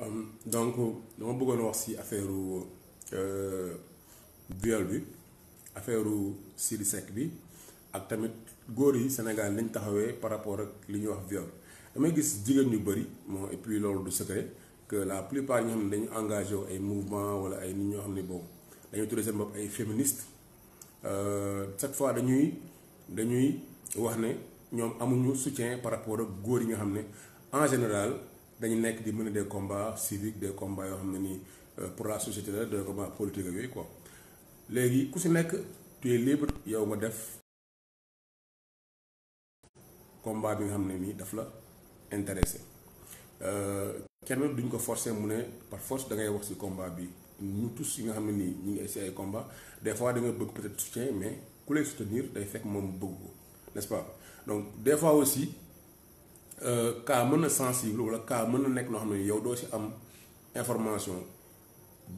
Euh, donc dama bëggoon wax ci affaire euh, viol bi affaire Sidy Seck bi ak tamit góor yi Sénégal nañ taxawee par rapport ak li ñuy wax viol damay gis jigéen ñu bëri moom et puis loolu du secret que la plupart ñoo xam ne dañu engagé wu ay mouvement wala ay nit ñoo xam ne boobu dañuy tuddee seen bopp ay féministe euh, chaque fois dañuy dañuy wax ne ñoom amuñu soutien par rapport ak góor yi nga xam ne en général. dañu nekk di mener des combats civiques des combats yoo xam ne nii euh, pour la société la des combats politiques yooyu quoi léegi ku si nekk tu es libre yow ma def combat bi nga xam ne nii daf la intéressé euh, kenn duñ ko forcer mu ne par force da ngay wax si combat bi ñu tous yi nga xam ne nii ñu ngi si ay combat des fois da nga bëgg peut-être soutien mais ku lay soutenir day fekk moom bëgg ko n'est-ce pas donc des aussi. kaa euh, mën na sensible wala cas mën na nekk noo xam ne yow doo ci am information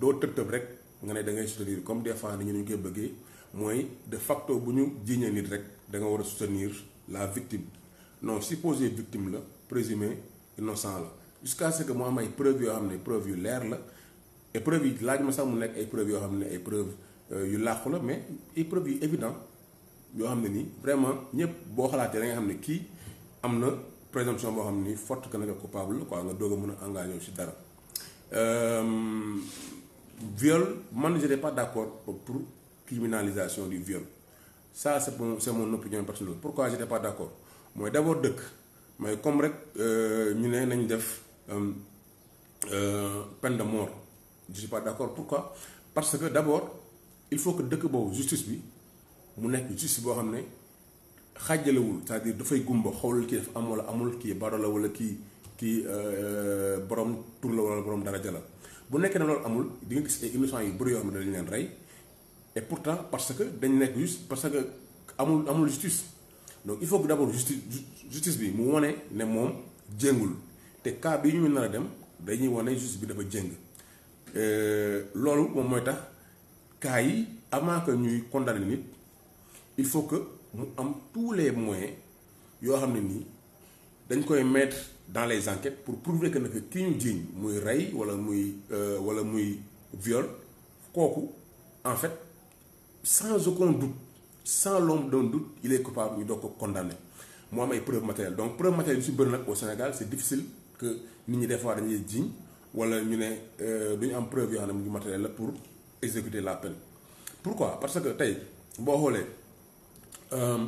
doo tëb tëb rek nga ne da ngay soutenir comme des fois ni ñu koy bëggee mooy de facto bu ñu jiiñee nit rek da nga war a soutenir la victime non supposé victime la présumé innocent la jusqu'à ce que mu am ay preuves yoo xam ne preuve yu leer la et preuve laaj ma sax mu nekk ay preuves yoo xam ne ay preuve euh, yu làqu la mais ay preuves yu évident yoo xam ne nii vraiment ñëpp boo xalaatee da nga xam ne kii am na présomption boo xam ni fort que nga coupable la quoi nga doog a mën a engagé ci dara euh, viol man je n'étais pas d'accord pour criminalisation du viol ça c'est mon c'est mon opinion pour pourquoi j'étais pas d'accord mooy d'abord dëkk mais comme rek euh, ñu ne nañ def euh, peine de mort je suis pas d'accord pourquoi parce que d'abord il faut que dëkk boobu justice bi mu nekk justice boo xam ne xaajalewul cest dire dafay gumba xoolul kii def am wala amul kii baro la wala kii kii euh, borom tour la wala borom daraja la bu nekkee ne loolu amul di nga gis ay innocent yu bëri dañ leen rey et pourtant parce que dañ nekk juste parce que amul amul justice donc il faut que d'abord justice bi mu wane ne moom jéngul te cas bi ñu nar a dem dañuy wane justice bi dafa jéng euh, loolu moom mooy tax cas yi avant que ñuy condamner nit il faut que. mu am tous les moyens yoo xam ne nii dañ koy mettre dans les enquêtes pour prouver que nag kii ñu jiiñ muy rey walla muy euh, walla muy viol kooku en fait sans aucun doute sans l'ombre d'un doute il coupable ñu doo ko condamné mu am ay preuves matérielles donc preuves matérielles yu si bëri nag au Sénégal c'est difficile que nit ñi des fois jiiñ walla ñu ne euh, duñu am preuve yoo xam ne mu matériel la pour exécuter la peine pourquoi parce que tey boo xoolee. Euh,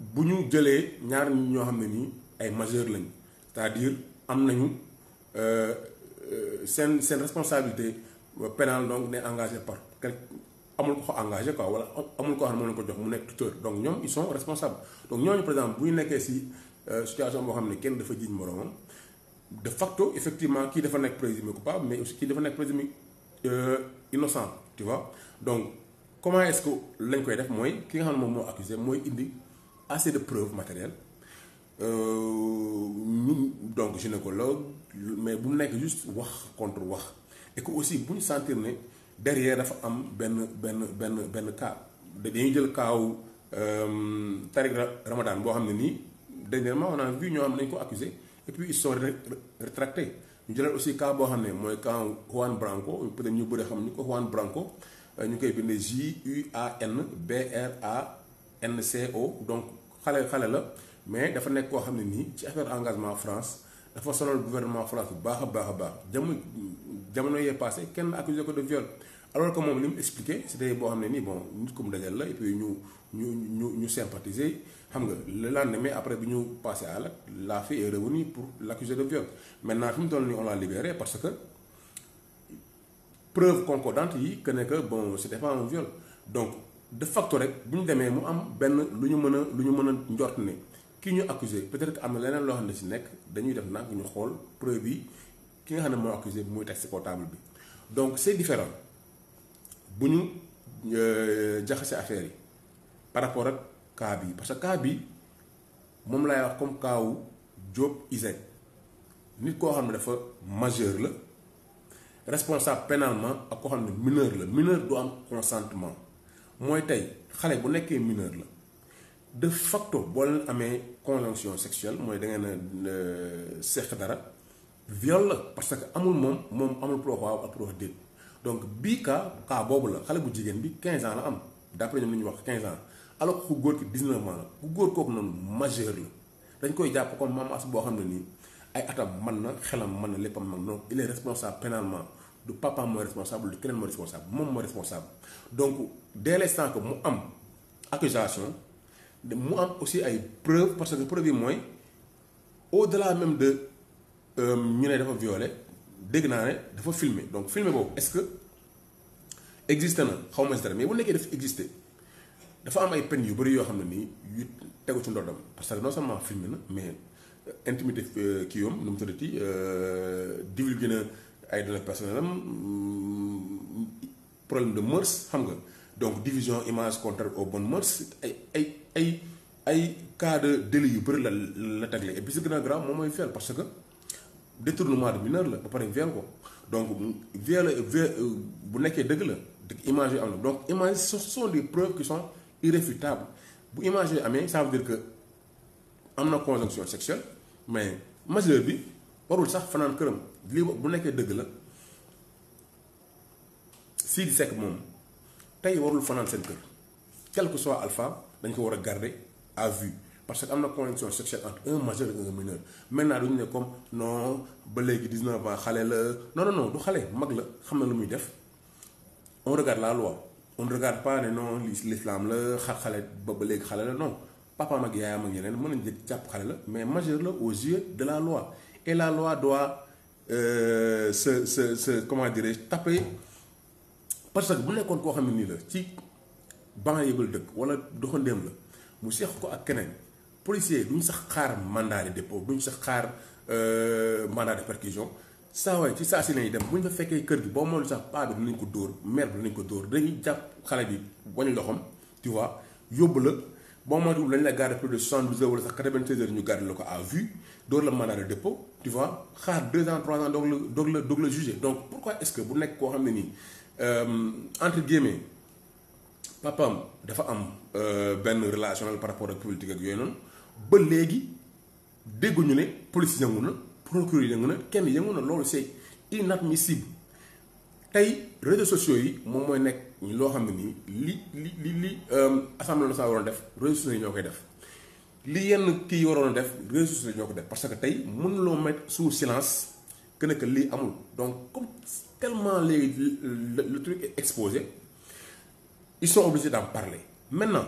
bu ñu jëlee ñaar ñoo xam ne nii ay majeur lañ c'est-à-dire am nañu euh, euh, seen seen responsabilité pénale donc ne engagé par quelque amul ko ko engagé quoi wala amul ko xam ne moo ko jox mu nekk tuteur donc ñoom ils sont responsables donc ñooñu par exemple bu ñu nekkee si situation boo xam ne kenn dafa jiiñ moroomam de facto effectivement kii dafa nekk présumé coupable mais aussi kii dafa nekk présumé innocent tu vois donc comment est-ce que lañ koy def mooy ki nga xam ne moom moo accusé mooy indi assez de preuves matérielles euh, ñun donc gynécologue mais bu mu nekk juste wax contre wax et aussi bu ñu sentir ne derrière dafa am benn benn benn benn cas dañuy jël kaaw euh, Tariq Ramadan boo xam ne nii dernièrement on a vu ñoo xam ne dañ ko accusé et puis ils sont rétractés ñu jëlal aussi cas boo xam ne mooy cas Juan Branco peut-être ñu bëri xam ñu ko Juan Branco Euh, ñu ngi koy bindee J U A N B R A N C O donc xale xale la mais dafa nekk koo xam ne nii ci affaire engagement France dafa sonal gouvernement France bu baax a baax a baax jamono jamono yee passé kenn accusé ko de viol alors que moom li mu expliqué c'était boo xam ne nii bon nit ku mu dajal la et ñu ñu ñu ñu sympathiser xam nga le lendemain après bu ñu passé à la la fille est revenue pour l'accuser de viol maintenant fi mu toll nii on l'a libéré parce que. preuve concordante yi que ne bon c'était pas un viol donc de facto rek bu ñu demee mu am benn lu ñu mën a lu ñu mën a njort ne ki ñu accusé peut-être am na leneen loo xam si nekk dañuy def nag ñu xool preuve ki nga xam ne moo accusé muy teg ci portable bi donc c'est différent bu ñu euh, jaxase affaire yi par rapport ak cas bi bi moom laay wax comme kaawu wu Diop nit koo xam ne dafa majeur la. responsable pénalement ak koo xam ne mineur la mineur du am consentement mooy tey xale bu nekkee mineur la de facto boo leen amee conjonction sexuelle mooy da ngeen a euh, seq dara viol la parce que amul moom moom amul pour wax ak pour wax donc bii cas cas boobu la xale bu jigéen bi quinze ans la am d'après ñoom li ñu wax 15 ans alors ku góor ki 19 la ku góor kooku noonu majeur la dañ koy jàpp comme maam as boo xam ne nii. ay atam man na xelam man na léppam man donc il est responsable pénalement du papa mooy responsable du keneen mooy responsable moom mooy responsable donc dès l'instant que mu am accusation mu am aussi ay preuves parce que preuve yi mooy au-delà même de euh, ñu ne dafa violé dégg naa ne dafa filmer donc filmer boobu est-ce que existe na xaw ma si dara mais bu nekkee dafa existe dafa am ay peines yu bëri yoo xam ne nii yu tegu ci ndoddam parce que non seulement filmer na intimité euh, kii yoom nu mu tuddati euh, divulgué na ay données personnelles am mm, problème de mœurs xam nga donc division image contraire oo bonnes mœurs ay ay ay ay cas yu bëri la la tagle et puis si gën a grave moom mooy viol parce que détournement de mineur la ba pare viol ko donc viol bu nekkee dëgg la dëgg image yi am na donc image ce sont des preuves qui sont irréfutables bu image yi amee ça veut que am na conjonction sexuelle mais majeur bi warul sax fanaan këram lii bu nekkee dëgg la Sidy Seck moom tey warul fanaan seen kër quel soit alpha dañ ko war a garder à vue parce que am na connexion sexuelle entre un majeur et un mineur maintenant duñu ne comme non ba léegi 19 ans xale la non non non du xale mag la xam na lu muy def on regarde la loi on regarde pas ne non l'islam la xar xale ba ba léegi xale la non papaam ak yaayam ak yeneen mën nañu jël jàpp xale la mais majeur la au yeux de la loi et la loi doit euh, sa se se comment dirais-je parce que bu nekkoon koo xam ne nii la ci ban yëgal dëkk wala doxandéem la mu seex ko ak keneen policier duñ sax xaar mandat de dépôt duñ sax xaar euh, mandat de perquisition saa waay ci saa si lañuy dem bu ñu fa fekkee kër gi boo moom sax paa bi dinañ ko dóor mère bi dinañ ko dóor dañuy jàpp xale bi wañu loxoom tu vois boo moytuwul lañ la garder plus de soixante-douze heures wala sax quatre-vingt-seize ñu garder la ko à door la mandat de dépôt tu xaar deux ans trois ans doog la doog la doog la juger donc pourquoi est-ce que bu nekk koo xam ne nii euh, entre guillemets papam dafa am euh, benn relationnel par rapport ak politique ak yooyu noonu ba léegi dégguñu ne police yëngu na procureur yëngu na kenn yëngu na loolu c'est inadmissible tey réseaux sociaux yi moom mooy nekk. ñu loo xam ne nii li li li li euh, assemblée nationale waroon def ressources ñoo koy def li yenn kii waroon def ressources yi ñoo ko def parce que tey mën loo mettre sous silence que ne que lii amul donc comme tellement léegi le truc est exposé ils sont obligés d'en parler maintenant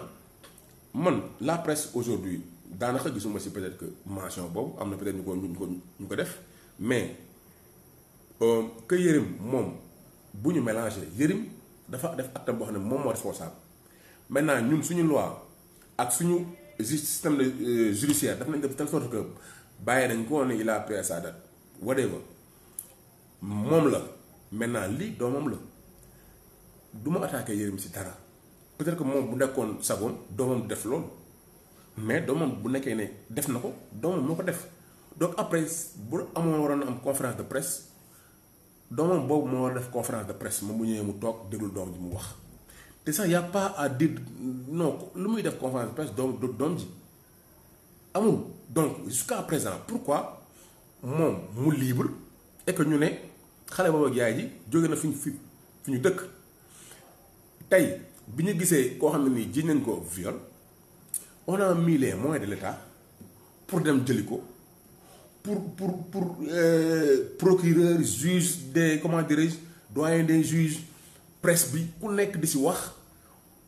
man la presse aujourd'hui daanaka gisuma si peut-être que mention boobu am na peut-être ñu ko ñu ko ñu ko def mais euh, que Yérim moom bu ñu mélangé Yérim dafa def acte boo xam ne moom moo responsable maintenant ñun suñu loi ak suñu système de euh, judiciaire daf nañ def telle sorte que bàyyi nañ ko ne il la pris sa date moom la maintenant lii doomam la du ma attaqué Yérim si dara peut-être que moom bu nekkoon sagoon doomam def loolu mais doomam bu nekkee ne def na ko doomam moo ko def donc après bu amoon waroon am conférence de presse. doomam boobu moo war def conférence de presse moom mu ñëwee mu toog déglu doom ji mu wax te sax y' a pas à dire non lu muy def conférence de presse doom doom ji amul donc jusqu'à présent quoi moom mu libre et ñu ne xale boobu ak yaay ji jóge na fi fi fi ñu dëkk tey bi ñu gisee koo xam ne nii jiñ nañ ko viol on a mis de l'État pour dem jëli ko. pour pour pour euh, procureur juge des comment dirais-je doyen des juges presse bi ku nekk di si wax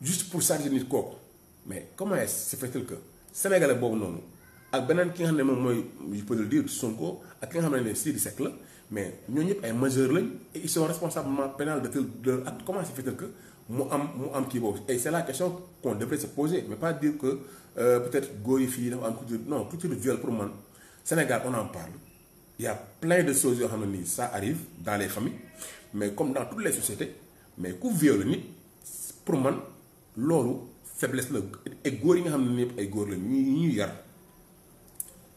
juste pour charger nit kooku mais comment est-ce se fait que sénégalais boobu noonu ak beneen ki nga xam ne moom mooy je peux le dire Sonko ak ki nga xam ne Sidy Seck la mais ñoo ñëpp ay majeurs lañ et ils sont responsablement pénal de tel de leur acte fait que mu am mu am kii boobu et c'est la question qu'on devrait se poser mais pas dire que euh, peut-être góor fii dafa am culture non pour man. Sénégal on en parle yaa y de choses yoo xam ne nii sa arrive dans famille mais comme dans toutes les sociétés mais ku viole nit pour man loolu faiblesse la et góor yi nga xam ne nii ay góor la ñuy ñuy yar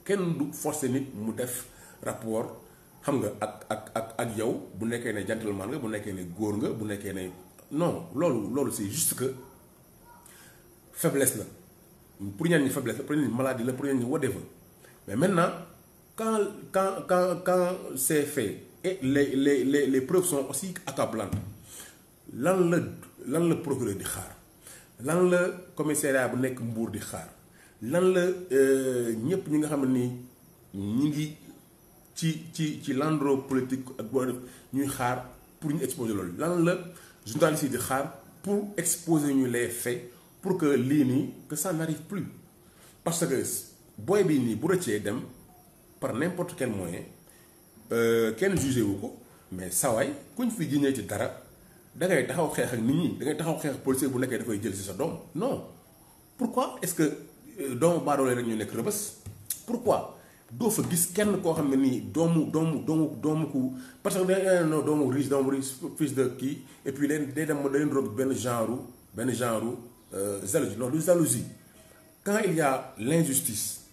kenn du forcer nit mu def rapport xam nga ak ak ak ak yow bu nekkee ne gentleman nga bu nekkee ne góor nga bu nekkee ne non loolu loolu c'est juste que faiblesse la pour ñenn ñi faiblesse la pour ñenn ñi maladie la pour ñenn ñi whatever Mais maintenant, quand, quand, quand, quand c'est fait et les, les, les, les, preuves sont aussi accablantes, l'an le, procureur de Khar, l'an le bu nekk Mbour di xaar l'an le euh, ñep ñi nga ni ñi ngi ci ci ci l'endroit politique ak bo ñuy xaar pour ñu exposer loolu lan la journaliste yi di xaar pour exposer ñu les faits pour que lii nii que ça n'arrive plus parce que booy bi nii bu rëccee dem par n'importe quel moyen euh, kenn jugé wu ko mais sawaay kuñ fi jiñee ci dara da ngay taxaw xeex ak nit ñi da ngay taxaw xeex ak policier bu nekkee dafay jël si sa doom non pourquoi est-ce que euh, doomu baadoole rek ñu nekk rëbës pourquoi doo fa gis kenn koo xam ne nii doomu doomu doomu doomu ku parce que da non doomu riche doomu de kii et puis leen day dem da leen rob benn genre benn genre euh, jalousie non du jalousie quand il y a l'injustice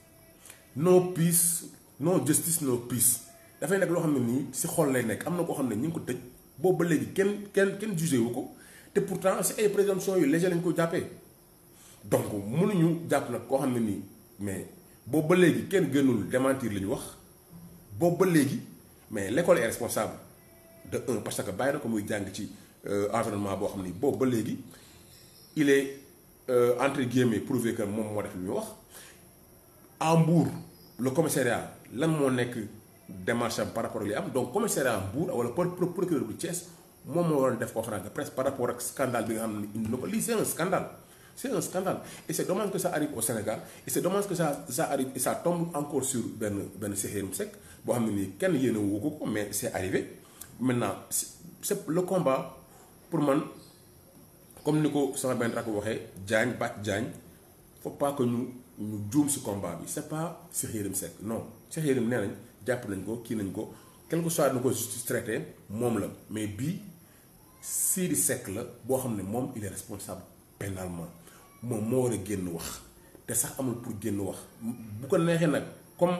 non peace no justice no peace dafay nekk loo xam ne nii si xool lay nekk am na koo xam ne ñu ngi ko tëj boobu ba léegi kenn kenn kenn jugé wu ko te pourtant si ay présomption yu léger lañ ko jàppee donc mënuñu jàpp nag koo xam ne nii mais boobu ba léegi kenn gënul démentir li ñu wax boobu ba léegi mais lekkool est responsable de un parce que bàyyi na ko muy jàng ci euh, environnement boo xam ni boobu ba léegi il e entre guillemets prouvé que moom moo def li ñu wax à Mbour le commissariat lan moo nekk démarche am par rapport ak li am donc commissariat Mbour wala procureur bu Thiès moom moo waroon def conférence de presse par rapport ak scandale bi nga xam ne indi na ko lii c'est un scandale c'est un scandale et c'est dommage que ça arrive au Sénégal et c'est dommage que ça ça arrive et ça encore sur benn benn Seyni Seck boo xam ne nii kenn yéene wu ko ko mais c'est arrivé maintenant c'est le combat pour man comme ni ko sama benn rakk waxee Diagne Bac Diagne ñu juum si combat bi c'est pas Cheikh Yérim Seck non Cheikh Yérim nee nañ jàpp nañ ko kii nañ ko quelque soit nu ko justice traité moom la mais bii Sidy Seck la boo xam ne moom il est responsable pénalement moom moo war a génn wax te sax amul pour génn wax bu ko neexee nag comme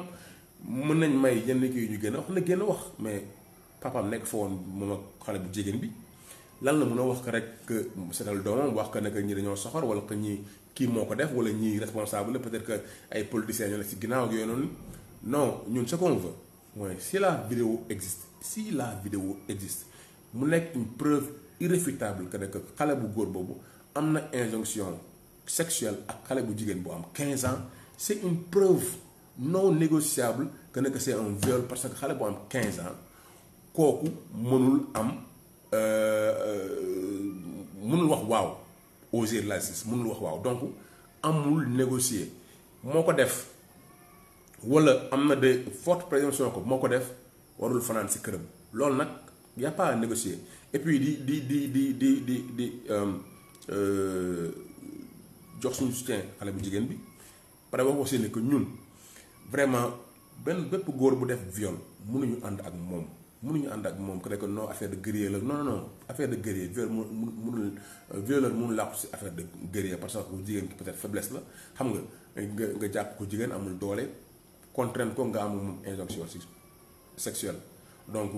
mën nañ may yenn kii ñu génn wax na génn wax mais papaam nekk fa woon moom ak xale bu jigéen bi lan la mën a wax ko rek que seetal doomam wax ko ne ñi dañoo soxor wala que ñi kii moo ko def wala ñii responsable la peut-être que ay politiciens ñoo la si ginnaaw ak noonu non ñun ce qu'on mooy si la vidéo existe si la vidéo existe mu nekk une preuve irréfutable que ne xale bu góor boobu am na injonction sexuelle ak xale bu jigéen bu am quinze ans c'est une preuve non négociable que ne que c'est parce que xale bu am 15 ans kooku mënul am euh, euh, mënul wax waaw. oser la justice mënul wax waaw donc amul négocier moo ko def wala am na de forte présomption ko moo ko def warul fanaan si këram loolu nag y' a pas à négocier et puis di di di di di di euh, euh, jox suñu soutien xale bu jigéen bi pare wax aussi ne que ñun vraiment benn bépp góor bu def viol mënuñu ànd ak moom. mënuñu ànd ak moom que non affaire de guerrier la non non affaire de guerrier viol mu mënul euh, violeur mënul làqu si affaire de guerrier parce que jigéen ki peut-être faiblesse la xam nga nga jàpp ko jigéen amul doole contrainte ko nga am moom injonction sexuelle donc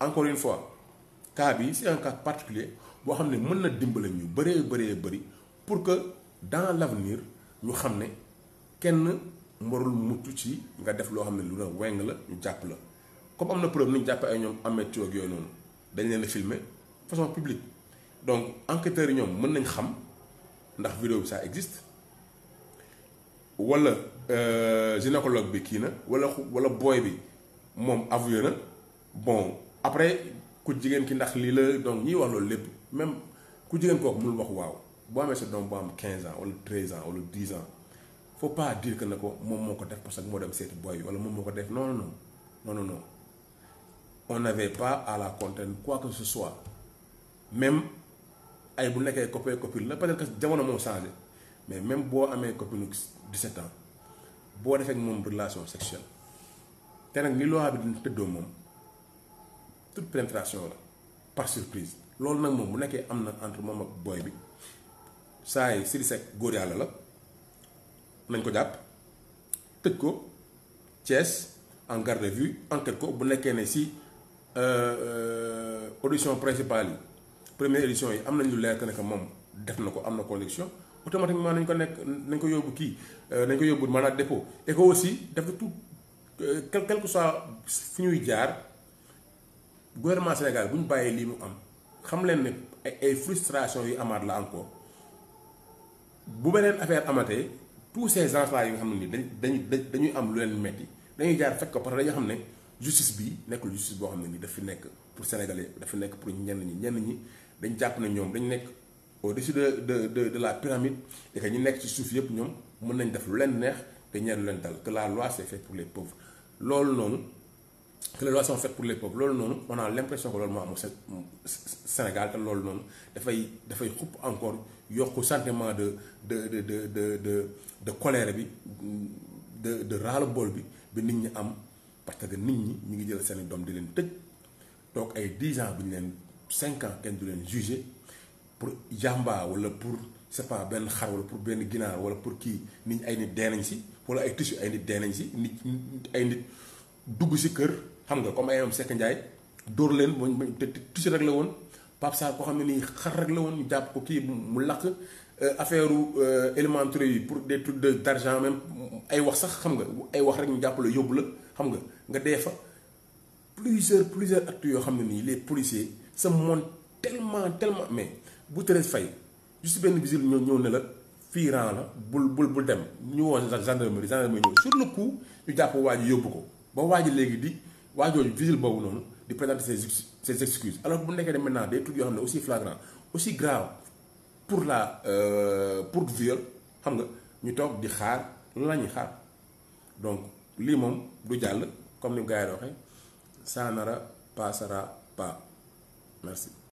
encore une fois cas bi c'est un cas particulier boo xam ne mën na dimbale ñu bëree bëree bëri pour que dans l'avenir ñu xam ne kenn mbarul mucc ci nga def loo xam ne lu la weng la ñu jàpp la comme am na preuve lu ñu jàppee ay ñoom Ameth Thiou ak yooyu noonu dañ leen a filmer façon publique donc enquêteurs yi ñoom mën nañ xam ndax vidéo bi ça existe wala euh, gynécologue bi kii na wala wala booy bi moom avoué na bon après ku jigéen ki ndax lii la donc ñi wax loolu lépp même ku jigéen kooku mënul wax waaw boo amee sa doom boo am 15 ans wala 13 ans wala 10 ans faut pas dire que na ko moom moo ko def parce que moo dem seeti booy bi wala moom moo ko def non non on n'avait pas à la contraindre quoi que ce soit même ay bu nekkee copain copine la peut que jamono moom changé mais même boo amee copine 17 ans boo defee ak moom relation sexuelle te nag ni loo bi dina tëddoo moom toute pénétration la par surprise loolu nag moom bu nekkee am na entre moom ak booy bi saa yi Sidy Seck góor yàlla la nañ ko jàpp tëj ko Thiès en garde vue enquête ko bu nekkee ne si. Euh, euh, audition principale yi première édition yi am nañ lu leer que moom def na ko am na conviction automatiquement nañ ko nekk nañ ko yóbbu kii euh, nañ ko yóbbu maanaam dépôt et que aussi def na tout quel quel que soit fi ñuy jaar gouvernement Sénégal bu ñu bàyyee lii mu am xam leen ne ay ay frustration yu amaat la encore bu beneen affaire amatee tous ces gens yi nga xam ne nii dañ dañuy dañuy am lu leen metti dañuy jaar fekk ko parce que dañoo xam ne. justice bi nekkul justice boo xam ne ni dafa nekk pour sénégalais dafa nekk pour ñenn ñi ñenn ñi dañ jàpp na ñoom dañ nekk au-dessus de de de de la pyramide et ñi nekk ci suuf yëpp ñoom mën nañ def lu leen neex te ñeent lu leen dal que la fait pour les pauvres loolu noonu que les lois sont faites pour les pauvres loolu noonu on a l'impression que loolu moo am Sénégal te loolu noonu dafay dafay xupp encore yokku sentiment de de de de de de colère bi de de ras le bi bi nit ñi am. parce que nit ñi ñu ngi jël seeni doom di leen tëj toog ay dix ans bu ñu leen cinq ans kenn du leen jugé pour jàmba wala pour c'est pas benn xar wala pour benn ginaar wala pour kii nit ñi ay nit dee nañ si wala ay tissu ay nit deenañ si nit ay nit dugg si kër xam nga comme ay am Seck Ndiaye dóor leen moom te tissu rek la woon Pape Sarr koo xam ne nii xar rek la woon ñu jàpp ko kii mu lakk euh, affaire euh, élémentaire yi pour de des trucs d'argent même ay wax sax xam nga ay wax rek ñu jàpp la la. xam nga nga dee fa plusieurs plusieurs actes yoo xam ne nii les policiers se montrent tellement tellement mais bu teree Faye juste benn visite ñoo ñëw ne la fii la bul bul bu dem ñu woo gendarmerie gendarmerie ñëw sur le coup ñu jàpp waa ji yóbbu ko ba waa ji léegi di waa jooju boobu noonu di présenter ses ses excuses alors bu nekkee ne maintenant day tudd yoo xam ne aussi flagrant aussi grave pour la euh, pour viol xam nga ñu toog di xaar lan la ñuy xaar lii moom du jàll comme ni gars yi waxee saanara pasara pa merci